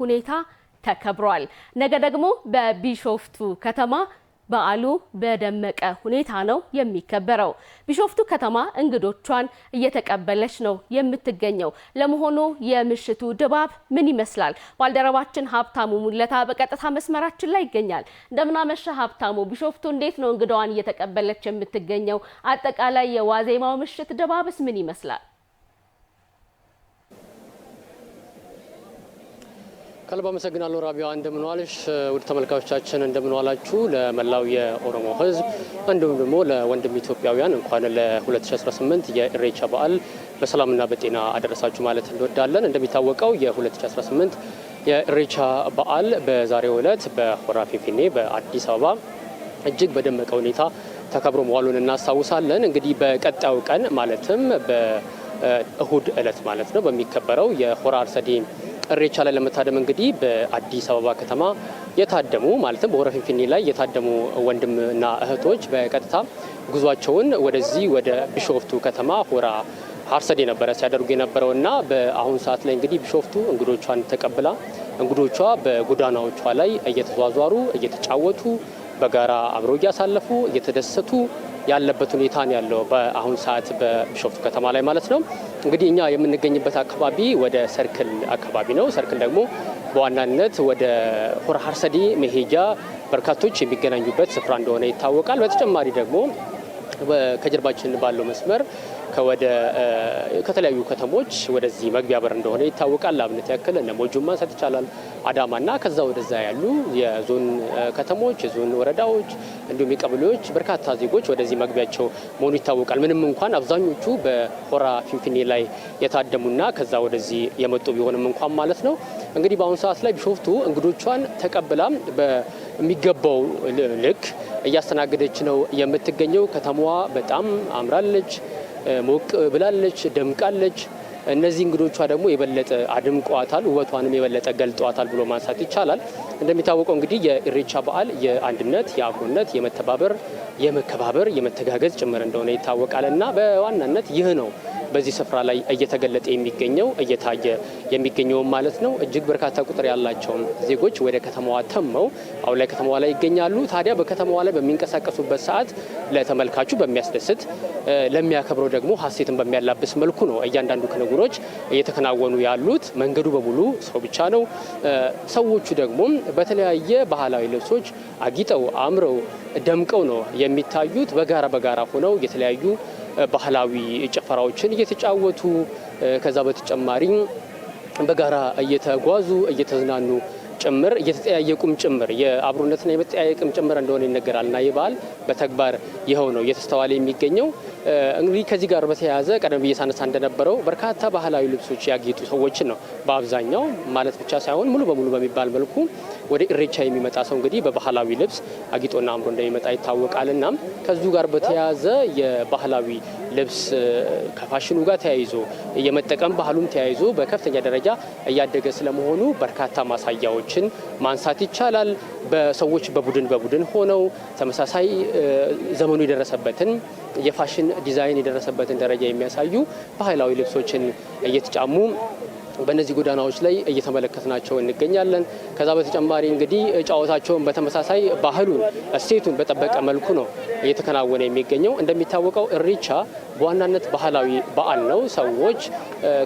ሁኔታ ተከብሯል። ነገ ደግሞ በቢሾፍቱ ከተማ በዓሉ በደመቀ ሁኔታ ነው የሚከበረው። ቢሾፍቱ ከተማ እንግዶቿን እየተቀበለች ነው የምትገኘው። ለመሆኑ የምሽቱ ድባብ ምን ይመስላል? ባልደረባችን ሀብታሙ ሙለታ በቀጥታ መስመራችን ላይ ይገኛል። እንደምናመሸ ሀብታሙ፣ ቢሾፍቱ እንዴት ነው እንግዳዋን እየተቀበለች የምትገኘው? አጠቃላይ የዋዜማው ምሽት ድባብስ ምን ይመስላል? ከልብ አመሰግናለሁ ራቢያ። እንደምንዋልሽ ውድ ተመልካዮቻችን እንደምንዋላችሁ። ለመላው የኦሮሞ ሕዝብ እንዲሁም ደግሞ ለወንድም ኢትዮጵያውያን እንኳን ለ2018 የኢሬቻ በዓል በሰላምና በጤና አደረሳችሁ ማለት እንወዳለን። እንደሚታወቀው የ2018 የኢሬቻ በዓል በዛሬው ዕለት በሆራ ፊንፊኔ በአዲስ አበባ እጅግ በደመቀ ሁኔታ ተከብሮ መዋሉን እናስታውሳለን። እንግዲህ በቀጣዩ ቀን ማለትም በእሁድ ዕለት ማለት ነው በሚከበረው የሆራ አርሰዴ ኢሬቻ ላይ ለመታደም እንግዲህ በአዲስ አበባ ከተማ የታደሙ ማለትም በሆረ ፊንፊኔ ላይ የታደሙ ወንድምና እህቶች በቀጥታ ጉዟቸውን ወደዚህ ወደ ቢሾፍቱ ከተማ ሆራ ሀርሰድ የነበረ ሲያደርጉ የነበረው እና በአሁኑ ሰዓት ላይ እንግዲህ ቢሾፍቱ እንግዶቿን ተቀብላ እንግዶቿ በጎዳናዎቿ ላይ እየተዟዟሩ እየተጫወቱ በጋራ አብረው እያሳለፉ እየተደሰቱ ያለበት ሁኔታ ነው ያለው በአሁኑ ሰዓት በቢሾፍቱ ከተማ ላይ ማለት ነው። እንግዲህ እኛ የምንገኝበት አካባቢ ወደ ሰርክል አካባቢ ነው። ሰርክል ደግሞ በዋናነት ወደ ሆራ ሀርሰዲ መሄጃ በርካቶች የሚገናኙበት ስፍራ እንደሆነ ይታወቃል። በተጨማሪ ደግሞ ከጀርባችን ባለው መስመር ከወደ ከተለያዩ ከተሞች ወደዚህ መግቢያ በር እንደሆነ ይታወቃል። ለአብነት ያክል እነ ሞጆን ማንሳት ይቻላል። አዳማና ከዛ ወደዛ ያሉ የዞን ከተሞች፣ የዞን ወረዳዎች እንዲሁም የቀበሌዎች በርካታ ዜጎች ወደዚህ መግቢያቸው መሆኑ ይታወቃል። ምንም እንኳን አብዛኞቹ በሆራ ፊንፊኔ ላይ የታደሙና ከዛ ወደዚህ የመጡ ቢሆንም እንኳን ማለት ነው እንግዲህ በአሁኑ ሰዓት ላይ ቢሾፍቱ እንግዶቿን ተቀብላም በሚገባው ልክ እያስተናገደች ነው የምትገኘው። ከተማዋ በጣም አምራለች፣ ሞቅ ብላለች፣ ደምቃለች። እነዚህ እንግዶቿ ደግሞ የበለጠ አድምቋታል፣ ውበቷንም የበለጠ ገልጠዋታል ብሎ ማንሳት ይቻላል። እንደሚታወቀው እንግዲህ የኢሬቻ በዓል የአንድነት፣ የአብሮነት፣ የመተባበር፣ የመከባበር፣ የመተጋገዝ ጭምር እንደሆነ ይታወቃል እና በዋናነት ይህ ነው በዚህ ስፍራ ላይ እየተገለጠ የሚገኘው እየታየ የሚገኘውም ማለት ነው። እጅግ በርካታ ቁጥር ያላቸውም ዜጎች ወደ ከተማዋ ተመው አሁን ላይ ከተማዋ ላይ ይገኛሉ። ታዲያ በከተማዋ ላይ በሚንቀሳቀሱበት ሰዓት ለተመልካቹ በሚያስደስት ለሚያከብረው ደግሞ ሀሴትን በሚያላብስ መልኩ ነው እያንዳንዱ ክንውኖች እየተከናወኑ ያሉት። መንገዱ በሙሉ ሰው ብቻ ነው። ሰዎቹ ደግሞ በተለያየ ባህላዊ ልብሶች አጊጠው አምረው ደምቀው ነው የሚታዩት። በጋራ በጋራ ሆነው የተለያዩ ባህላዊ ጭፈራዎችን እየተጫወቱ ከዛ በተጨማሪ በጋራ እየተጓዙ እየተዝናኑ ጭምር እየተጠያየቁም ጭምር የአብሮነትና የመጠያየቅም ጭምር እንደሆነ ይነገራል እና ይህ በዓል በተግባር ይኸው ነው እየተስተዋለ የሚገኘው። እንግዲህ ከዚህ ጋር በተያያዘ ቀደም ብዬ ሳነሳ እንደነበረው በርካታ ባህላዊ ልብሶች ያጌጡ ሰዎችን ነው በአብዛኛው ማለት ብቻ ሳይሆን ሙሉ በሙሉ በሚባል መልኩ ወደ ኢሬቻ የሚመጣ ሰው እንግዲህ በባህላዊ ልብስ አጊጦና አምሮ እንደሚመጣ ይታወቃል። እና ከዚሁ ጋር በተያያዘ የባህላዊ ልብስ ከፋሽኑ ጋር ተያይዞ የመጠቀም ባህሉም ተያይዞ በከፍተኛ ደረጃ እያደገ ስለመሆኑ በርካታ ማሳያዎችን ማንሳት ይቻላል። በሰዎች በቡድን በቡድን ሆነው ተመሳሳይ ዘመኑ የደረሰበትን የፋሽን ዲዛይን የደረሰበትን ደረጃ የሚያሳዩ ባህላዊ ልብሶችን እየተጫሙ በእነዚህ ጎዳናዎች ላይ እየተመለከትናቸው እንገኛለን። ከዛ በተጨማሪ እንግዲህ ጨዋታቸውን በተመሳሳይ ባህሉን እሴቱን በጠበቀ መልኩ ነው እየተከናወነ የሚገኘው። እንደሚታወቀው እሬቻ በዋናነት ባህላዊ በዓል ነው። ሰዎች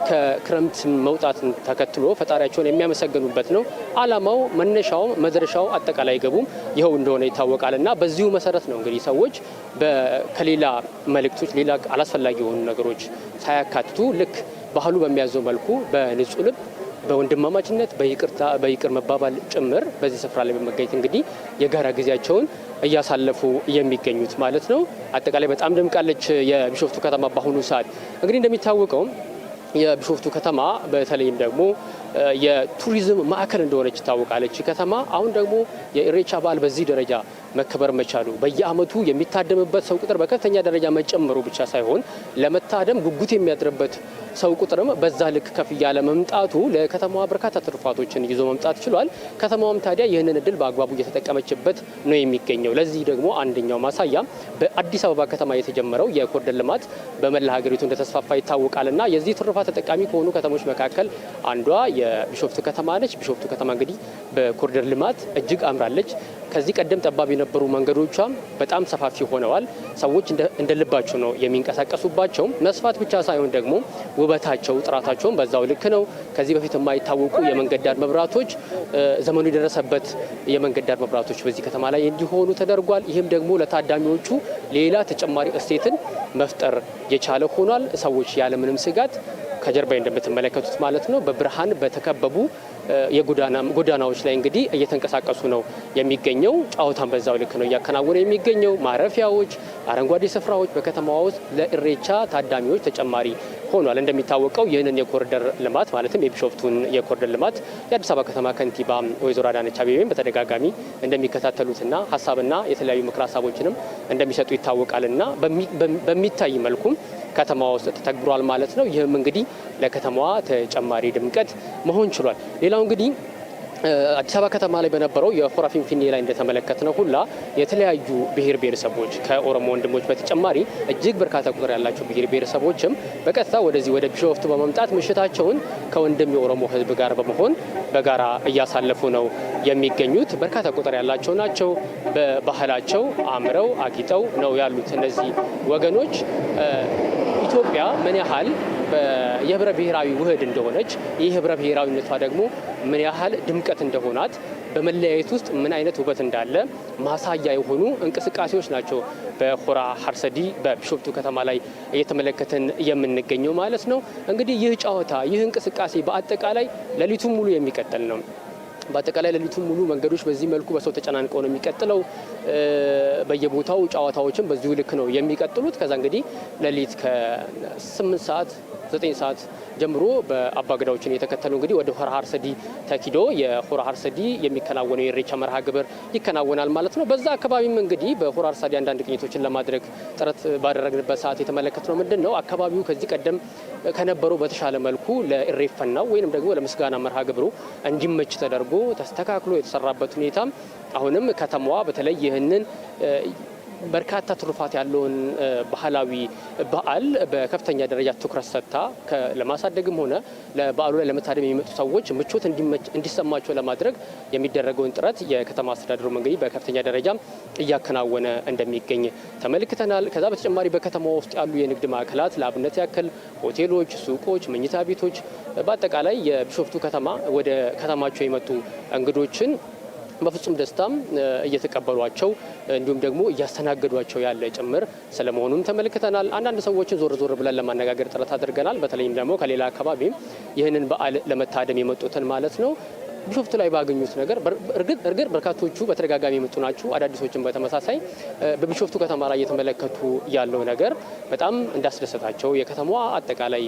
ከክረምት መውጣትን ተከትሎ ፈጣሪያቸውን የሚያመሰግኑበት ነው። ዓላማው መነሻው መድረሻው አጠቃላይ ገቡም ይኸው እንደሆነ ይታወቃል እና በዚሁ መሰረት ነው እንግዲህ ሰዎች ከሌላ መልእክቶች ሌላ አላስፈላጊ የሆኑ ነገሮች ሳያካትቱ ልክ ባህሉ በሚያዘው መልኩ በንጹህ ልብ በወንድማማችነት በይቅርታ በይቅር መባባል ጭምር በዚህ ስፍራ ላይ በመገኘት እንግዲህ የጋራ ጊዜያቸውን እያሳለፉ የሚገኙት ማለት ነው። አጠቃላይ በጣም ደምቃለች የቢሾፍቱ ከተማ በአሁኑ ሰዓት እንግዲህ እንደሚታወቀው የቢሾፍቱ ከተማ በተለይም ደግሞ የቱሪዝም ማዕከል እንደሆነች ይታወቃለች ከተማ አሁን ደግሞ የኢሬቻ በዓል በዚህ ደረጃ መከበር መቻሉ በየአመቱ የሚታደምበት ሰው ቁጥር በከፍተኛ ደረጃ መጨመሩ ብቻ ሳይሆን ለመታደም ጉጉት የሚያድርበት ሰው ቁጥርም በዛ ልክ ከፍ እያለ መምጣቱ ለከተማዋ በርካታ ትሩፋቶችን ይዞ መምጣት ችሏል። ከተማዋም ታዲያ ይህንን እድል በአግባቡ እየተጠቀመችበት ነው የሚገኘው። ለዚህ ደግሞ አንደኛው ማሳያ በአዲስ አበባ ከተማ የተጀመረው የኮሪደር ልማት በመላ ሀገሪቱ እንደተስፋፋ ይታወቃልና የዚህ ትሩፋት ተጠቃሚ ከሆኑ ከተሞች መካከል አንዷ የቢሾፍቱ ከተማ ነች። ቢሾፍቱ ከተማ እንግዲህ በኮሪደር ልማት እጅግ አምራለች። ከዚህ ቀደም ጠባብ የነበሩ መንገዶቿም በጣም ሰፋፊ ሆነዋል። ሰዎች እንደልባቸው ነው የሚንቀሳቀሱባቸው። መስፋት ብቻ ሳይሆን ደግሞ ውበታቸው፣ ጥራታቸውም በዛው ልክ ነው። ከዚህ በፊት የማይታወቁ የመንገድ ዳር መብራቶች፣ ዘመኑ የደረሰበት የመንገድ ዳር መብራቶች በዚህ ከተማ ላይ እንዲሆኑ ተደርጓል። ይህም ደግሞ ለታዳሚዎቹ ሌላ ተጨማሪ እሴትን መፍጠር የቻለ ሆኗል። ሰዎች ያለምንም ስጋት ከጀርባ እንደምትመለከቱት ማለት ነው በብርሃን በተከበቡ የጎዳናዎች ላይ እንግዲህ እየተንቀሳቀሱ ነው የሚገኘው። ጨዋታን በዛው ልክ ነው እያከናወነ የሚገኘው። ማረፊያዎች፣ አረንጓዴ ስፍራዎች በከተማዋ ውስጥ ለእሬቻ ታዳሚዎች ተጨማሪ ሆኗል። እንደሚታወቀው ይህንን የኮሪደር ልማት ማለትም የቢሾፍቱን የኮሪደር ልማት የአዲስ አበባ ከተማ ከንቲባ ወይዘሮ አዳነች አቤቤም በተደጋጋሚ እንደሚከታተሉትና ሀሳብና የተለያዩ ምክር ሀሳቦችንም እንደሚሰጡ ይታወቃልና በሚታይ መልኩም ከተማ ውስጥ ተተግብሯል ማለት ነው። ይህም እንግዲህ ለከተማዋ ተጨማሪ ድምቀት መሆን ችሏል። ሌላው እንግዲህ አዲስ አበባ ከተማ ላይ በነበረው የሆራ ፊንፊኔ ላይ እንደተመለከትነው ሁላ የተለያዩ ብሔር ብሔረሰቦች ከኦሮሞ ወንድሞች በተጨማሪ እጅግ በርካታ ቁጥር ያላቸው ብሔር ብሔረሰቦችም በቀጥታ ወደዚህ ወደ ቢሾፍቱ በመምጣት ምሽታቸውን ከወንድም የኦሮሞ ሕዝብ ጋር በመሆን በጋራ እያሳለፉ ነው የሚገኙት። በርካታ ቁጥር ያላቸው ናቸው። በባህላቸው አምረው አጊጠው ነው ያሉት እነዚህ ወገኖች። ኢትዮጵያ ምን ያህል የህብረ ብሔራዊ ውህድ እንደሆነች ይህ ህብረ ብሔራዊነቷ ደግሞ ምን ያህል ድምቀት እንደሆናት በመለያየት ውስጥ ምን አይነት ውበት እንዳለ ማሳያ የሆኑ እንቅስቃሴዎች ናቸው በሆራ ሀርሰዲ በቢሾፍቱ ከተማ ላይ እየተመለከትን የምንገኘው ማለት ነው። እንግዲህ ይህ ጨዋታ ይህ እንቅስቃሴ በአጠቃላይ ሌሊቱን ሙሉ የሚቀጥል ነው። በአጠቃላይ ሌሊቱን ሙሉ መንገዶች በዚህ መልኩ በሰው ተጨናንቀው ነው የሚቀጥለው። በየቦታው ጨዋታዎችን በዚሁ ልክ ነው የሚቀጥሉት። ከዛ እንግዲህ ሌሊት ከስምንት ሰዓት ዘጠኝ ሰዓት ጀምሮ በአባገዳዎችን የተከተሉ እንግዲህ ወደ ሆራ ሀርሰዲ ተኪዶ የሆራ ሀርሰዲ የሚከናወነው የኢሬቻ መርሃ ግብር ይከናወናል ማለት ነው። በዛ አካባቢም እንግዲህ በሆራ ሀርሰዲ አንዳንድ ቅኝቶችን ለማድረግ ጥረት ባደረግንበት ሰዓት የተመለከትነው ምንድን ነው አካባቢው ከዚህ ቀደም ከነበረው በተሻለ መልኩ ለኢሬፈናው ወይንም ደግሞ ለምስጋና መርሃ ግብሩ እንዲመች ተደርጎ ተስተካክሎ የተሰራበት ሁኔታ አሁንም ከተማዋ በተለይ ይህንን በርካታ ትሩፋት ያለውን ባህላዊ በዓል በከፍተኛ ደረጃ ትኩረት ሰጥታ ለማሳደግም ሆነ ለበዓሉ ላይ ለመታደም የሚመጡ ሰዎች ምቾት እንዲሰማቸው ለማድረግ የሚደረገውን ጥረት የከተማ አስተዳደሩ እንግዲህ በከፍተኛ ደረጃ እያከናወነ እንደሚገኝ ተመልክተናል። ከዛ በተጨማሪ በከተማ ውስጥ ያሉ የንግድ ማዕከላት ለአብነት ያክል ሆቴሎች፣ ሱቆች፣ መኝታ ቤቶች በአጠቃላይ የቢሾፍቱ ከተማ ወደ ከተማቸው የመጡ እንግዶችን በፍጹም ደስታም እየተቀበሏቸው እንዲሁም ደግሞ እያስተናገዷቸው ያለ ጭምር ስለመሆኑም ተመልክተናል። አንዳንድ ሰዎችን ዞር ዞር ብለን ለማነጋገር ጥረት አድርገናል። በተለይም ደግሞ ከሌላ አካባቢም ይህንን በዓል ለመታደም የመጡትን ማለት ነው ቢሾፍቱ ላይ ባገኙት ነገር እርግጥ በርካቶቹ በተደጋጋሚ የመጡ ናቸው። አዳዲሶችን በተመሳሳይ በቢሾፍቱ ከተማ ላይ እየተመለከቱ ያለው ነገር በጣም እንዳስደሰታቸው የከተማዋ አጠቃላይ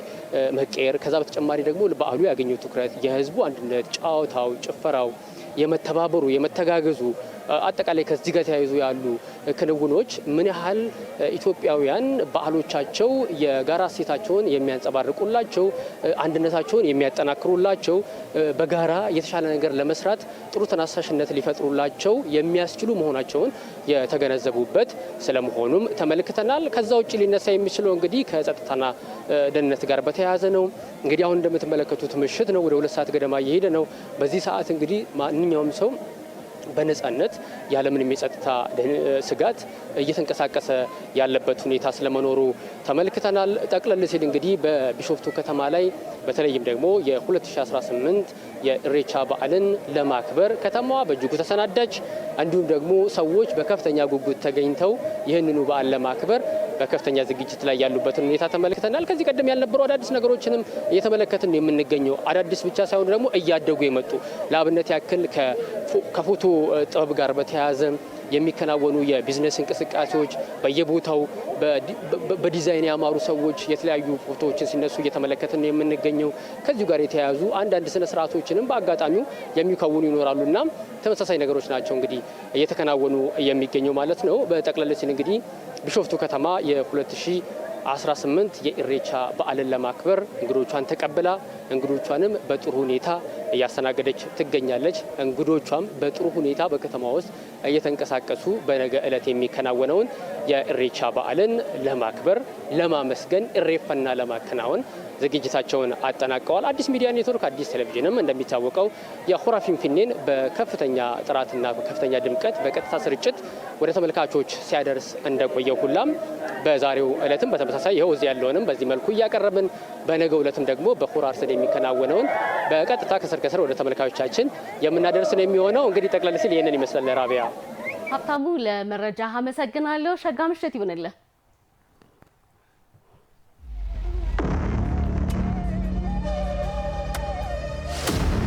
መቀየር፣ ከዛ በተጨማሪ ደግሞ በዓሉ ያገኙት ትኩረት፣ የህዝቡ አንድነት፣ ጨዋታው፣ ጭፈራው የመተባበሩ የመተጋገዙ አጠቃላይ ከዚህ ጋር ተያይዞ ያሉ ክንውኖች ምን ያህል ኢትዮጵያውያን ባህሎቻቸው የጋራ እሴታቸውን የሚያንጸባርቁላቸው፣ አንድነታቸውን የሚያጠናክሩላቸው፣ በጋራ የተሻለ ነገር ለመስራት ጥሩ ተነሳሽነት ሊፈጥሩላቸው የሚያስችሉ መሆናቸውን የተገነዘቡበት ስለመሆኑም ተመልክተናል። ከዛ ውጭ ሊነሳ የሚችለው እንግዲህ ከጸጥታና ደህንነት ጋር በተያያዘ ነው። እንግዲህ አሁን እንደምትመለከቱት ምሽት ነው፣ ወደ ሁለት ሰዓት ገደማ እየሄደ ነው። በዚህ ሰዓት እንግዲህ ማንኛውም ሰው በነጻነት ያለምንም የጸጥታ ስጋት እየተንቀሳቀሰ ያለበት ሁኔታ ስለመኖሩ ተመልክተናል። ጠቅለል ሲል እንግዲህ በቢሾፍቱ ከተማ ላይ በተለይም ደግሞ የ2018 የኢሬቻ በዓልን ለማክበር ከተማዋ በእጅጉ ተሰናዳች። እንዲሁም ደግሞ ሰዎች በከፍተኛ ጉጉት ተገኝተው ይህንኑ በዓል ለማክበር በከፍተኛ ዝግጅት ላይ ያሉበትን ሁኔታ ተመልክተናል። ከዚህ ቀደም ያልነበሩ አዳዲስ ነገሮችንም እየተመለከትን የምንገኘው አዳዲስ ብቻ ሳይሆኑ ደግሞ እያደጉ የመጡ ለአብነት ያክል ከፎቶ ጥበብ ጋር በተያያዘ የሚከናወኑ የቢዝነስ እንቅስቃሴዎች በየቦታው በዲዛይን ያማሩ ሰዎች የተለያዩ ፎቶዎችን ሲነሱ እየተመለከትን የምንገኘው ከዚሁ ጋር የተያያዙ አንዳንድ ስነ ስርዓቶችንም በአጋጣሚው የሚከውኑ ይኖራሉ እና ተመሳሳይ ነገሮች ናቸው እንግዲህ እየተከናወኑ የሚገኘው ማለት ነው። በጠቅላላ ሲል እንግዲህ ቢሾፍቱ ከተማ የ 18 የኢሬቻ በዓልን ለማክበር እንግዶቿን ተቀብላ እንግዶቿንም በጥሩ ሁኔታ እያስተናገደች ትገኛለች። እንግዶቿም በጥሩ ሁኔታ በከተማ ውስጥ እየተንቀሳቀሱ በነገ ዕለት የሚከናወነውን የኢሬቻ በዓልን ለማክበር ለማመስገን፣ ኢሬፈና ለማከናወን ዝግጅታቸውን አጠናቀዋል። አዲስ ሚዲያ ኔትወርክ አዲስ ቴሌቪዥንም እንደሚታወቀው የሁራ ፊንፊኔን በከፍተኛ ጥራትና በከፍተኛ ድምቀት በቀጥታ ስርጭት ወደ ተመልካቾች ሲያደርስ እንደቆየ ሁላም በዛሬው እለትም በተመሳሳይ ይኸው እዚህ ያለውንም በዚህ መልኩ እያቀረብን በነገው ዕለትም ደግሞ በሁራ አርሰዴ የሚከናወነውን በቀጥታ ከስር ከስር ወደ ተመልካቾቻችን የምናደርስ ነው የሚሆነው። እንግዲህ ጠቅለል ሲል ይህንን ይመስላል። ራቢያ ሀብታሙ፣ ለመረጃ አመሰግናለሁ። ሸጋ ምሽት ይሁንልህ።